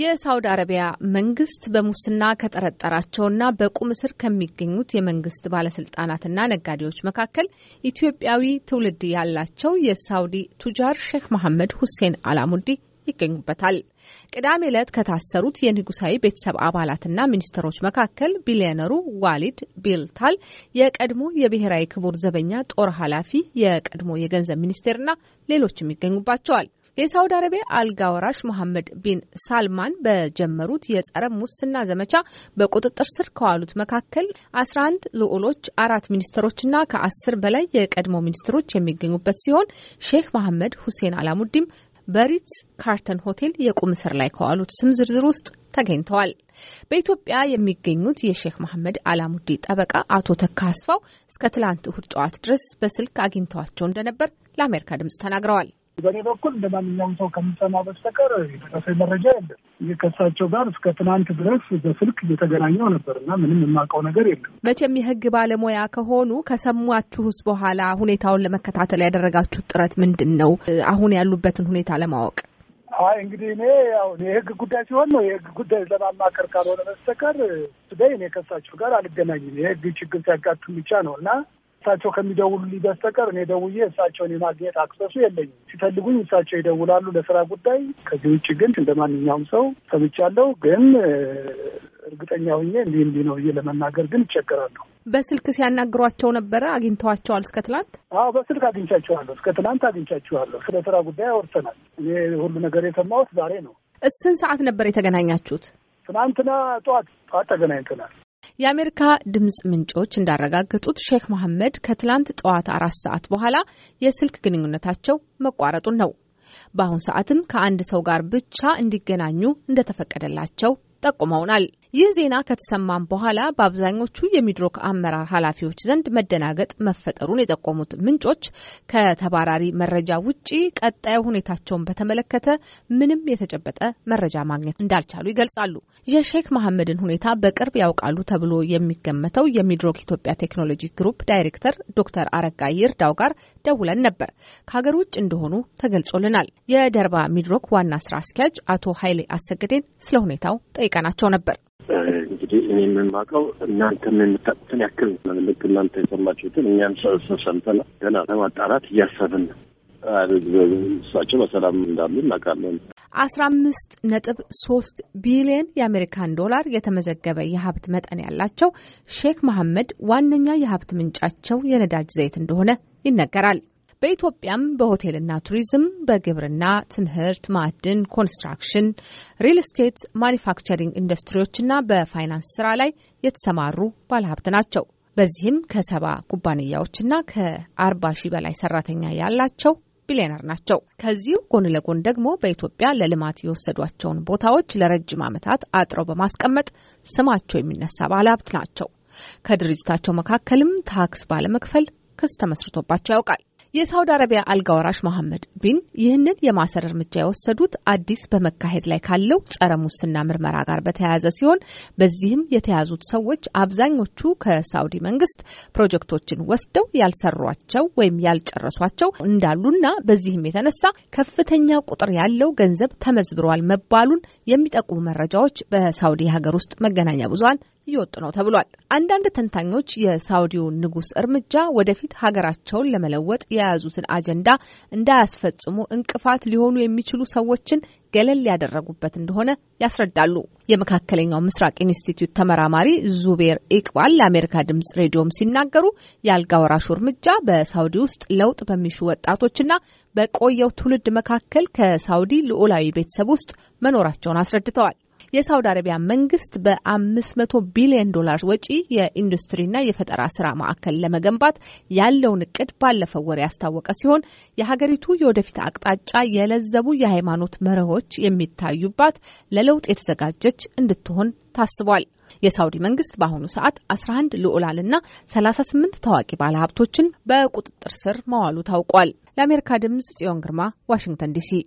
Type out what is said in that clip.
የሳውዲ አረቢያ መንግስት በሙስና ከጠረጠራቸውና በቁም እስር ከሚገኙት የመንግስት ባለስልጣናትና ነጋዴዎች መካከል ኢትዮጵያዊ ትውልድ ያላቸው የሳውዲ ቱጃር ሼክ መሐመድ ሁሴን አላሙዲ ይገኙበታል። ቅዳሜ ዕለት ከታሰሩት የንጉሳዊ ቤተሰብ አባላትና ሚኒስትሮች መካከል ቢሊዮነሩ ዋሊድ ቢልታል፣ የቀድሞ የብሔራዊ ክቡር ዘበኛ ጦር ኃላፊ፣ የቀድሞ የገንዘብ ሚኒስቴርና ሌሎችም ይገኙባቸዋል። የሳውዲ አረቢያ አልጋ ወራሽ መሐመድ ቢን ሳልማን በጀመሩት የጸረ ሙስና ዘመቻ በቁጥጥር ስር ከዋሉት መካከል አስራ አንድ ልዑሎች፣ አራት ሚኒስትሮችና ከአስር በላይ የቀድሞ ሚኒስትሮች የሚገኙበት ሲሆን ሼክ መሐመድ ሁሴን አላሙዲም በሪት ካርተን ሆቴል የቁም እስር ላይ ከዋሉት ስም ዝርዝር ውስጥ ተገኝተዋል። በኢትዮጵያ የሚገኙት የሼክ መሐመድ አላሙዲ ጠበቃ አቶ ተካ አስፋው እስከ ትላንት እሁድ ጠዋት ድረስ በስልክ አግኝተዋቸው እንደነበር ለአሜሪካ ድምጽ ተናግረዋል። በእኔ በኩል እንደ ማንኛውም ሰው ከምሰማ በስተቀር የደረሰኝ መረጃ የለም። ከእሳቸው ጋር እስከ ትናንት ድረስ በስልክ እየተገናኘው ነበር እና ምንም የማውቀው ነገር የለም። መቼም የህግ ባለሙያ ከሆኑ ከሰማችሁስ በኋላ ሁኔታውን ለመከታተል ያደረጋችሁት ጥረት ምንድን ነው? አሁን ያሉበትን ሁኔታ ለማወቅ አይ እንግዲህ እኔ ያው የህግ ጉዳይ ሲሆን ነው የህግ ጉዳይ ለማማከር ካልሆነ በስተቀር ስደይ እኔ ከሳቸው ጋር አልገናኝም። የህግ ችግር ሲያጋጥም ብቻ ነው እና እሳቸው ከሚደውሉልኝ በስተቀር እኔ ደውዬ እሳቸውን የማግኘት አክሰሱ የለኝም። ሲፈልጉኝ እሳቸው ይደውላሉ ለስራ ጉዳይ። ከዚህ ውጭ ግን እንደ ማንኛውም ሰው ሰምቻለሁ፣ ግን እርግጠኛ ሁኜ እንዲህ እንዲህ ነው ብዬ ለመናገር ግን ይቸገራለሁ። በስልክ ሲያናግሯቸው ነበረ? አግኝተዋቸዋል? እስከ ትላንት? አዎ በስልክ አግኝቻችኋለሁ። እስከ ትላንት አግኝቻችኋለሁ። ስለ ስራ ጉዳይ አወርተናል። እኔ ሁሉ ነገር የሰማሁት ዛሬ ነው። ስንት ሰዓት ነበር የተገናኛችሁት? ትናንትና ጠዋት ጠዋት ተገናኝተናል። የአሜሪካ ድምጽ ምንጮች እንዳረጋገጡት ሼክ መሐመድ ከትላንት ጠዋት አራት ሰዓት በኋላ የስልክ ግንኙነታቸው መቋረጡን ነው። በአሁን ሰዓትም ከአንድ ሰው ጋር ብቻ እንዲገናኙ እንደተፈቀደላቸው ጠቁመውናል። ይህ ዜና ከተሰማም በኋላ በአብዛኞቹ የሚድሮክ አመራር ኃላፊዎች ዘንድ መደናገጥ መፈጠሩን የጠቆሙት ምንጮች ከተባራሪ መረጃ ውጪ ቀጣዩ ሁኔታቸውን በተመለከተ ምንም የተጨበጠ መረጃ ማግኘት እንዳልቻሉ ይገልጻሉ። የሼክ መሐመድን ሁኔታ በቅርብ ያውቃሉ ተብሎ የሚገመተው የሚድሮክ ኢትዮጵያ ቴክኖሎጂ ግሩፕ ዳይሬክተር ዶክተር አረጋ ይርዳው ጋር ደውለን ነበር። ከሀገር ውጭ እንደሆኑ ተገልጾልናል። የደርባ ሚድሮክ ዋና ስራ አስኪያጅ አቶ ኃይሌ አሰገዴን ስለ ሁኔታው ጠይቀናቸው ነበር። እንግዲህ እኔ የምንማቀው እናንተ የምንጠጥትን ያክል ነው። ልክ እናንተ የሰማችሁትን እኛም ሰሰምተን ገና ለማጣራት እያሰብን እሳቸው በሰላም እንዳሉ እናውቃለን። አስራ አምስት ነጥብ ሶስት ቢሊየን የአሜሪካን ዶላር የተመዘገበ የሀብት መጠን ያላቸው ሼክ መሐመድ ዋነኛ የሀብት ምንጫቸው የነዳጅ ዘይት እንደሆነ ይነገራል። በኢትዮጵያም በሆቴልና ቱሪዝም፣ በግብርና፣ ትምህርት፣ ማዕድን፣ ኮንስትራክሽን፣ ሪል ስቴት፣ ማኒፋክቸሪንግ ኢንዱስትሪዎችና በፋይናንስ ስራ ላይ የተሰማሩ ባለሀብት ናቸው። በዚህም ከሰባ ኩባንያዎችና ከአርባ ሺህ በላይ ሰራተኛ ያላቸው ቢሊዮነር ናቸው። ከዚሁ ጎን ለጎን ደግሞ በኢትዮጵያ ለልማት የወሰዷቸውን ቦታዎች ለረጅም ዓመታት አጥረው በማስቀመጥ ስማቸው የሚነሳ ባለሀብት ናቸው። ከድርጅታቸው መካከልም ታክስ ባለመክፈል ክስ ተመስርቶባቸው ያውቃል። የሳውዲ አረቢያ አልጋ ወራሽ መሐመድ ቢን ይህንን የማሰር እርምጃ የወሰዱት አዲስ በመካሄድ ላይ ካለው ጸረ ሙስና ምርመራ ጋር በተያያዘ ሲሆን በዚህም የተያዙት ሰዎች አብዛኞቹ ከሳውዲ መንግስት ፕሮጀክቶችን ወስደው ያልሰሯቸው ወይም ያልጨረሷቸው እንዳሉና በዚህም የተነሳ ከፍተኛ ቁጥር ያለው ገንዘብ ተመዝብሯል መባሉን የሚጠቁሙ መረጃዎች በሳውዲ ሀገር ውስጥ መገናኛ ብዙኃን እየወጡ ነው ተብሏል። አንዳንድ ተንታኞች የሳውዲው ንጉሥ እርምጃ ወደፊት ሀገራቸውን ለመለወጥ የያዙትን አጀንዳ እንዳያስፈጽሙ እንቅፋት ሊሆኑ የሚችሉ ሰዎችን ገለል ያደረጉበት እንደሆነ ያስረዳሉ። የመካከለኛው ምስራቅ ኢንስቲትዩት ተመራማሪ ዙቤር ኢቅባል ለአሜሪካ ድምጽ ሬዲዮም ሲናገሩ የአልጋ ወራሹ እርምጃ በሳውዲ ውስጥ ለውጥ በሚሹ ወጣቶችና በቆየው ትውልድ መካከል ከሳውዲ ልዑላዊ ቤተሰብ ውስጥ መኖራቸውን አስረድተዋል። የሳውዲ አረቢያ መንግስት በ500 ቢሊዮን ዶላር ወጪ የኢንዱስትሪና የፈጠራ ስራ ማዕከል ለመገንባት ያለውን እቅድ ባለፈው ወር ያስታወቀ ሲሆን የሀገሪቱ የወደፊት አቅጣጫ የለዘቡ የሃይማኖት መርሆች የሚታዩባት ለለውጥ የተዘጋጀች እንድትሆን ታስቧል። የሳውዲ መንግስት በአሁኑ ሰዓት 11 ልዑላንና 38 ታዋቂ ባለሀብቶችን በቁጥጥር ስር መዋሉ ታውቋል። ለአሜሪካ ድምጽ ጽዮን ግርማ ዋሽንግተን ዲሲ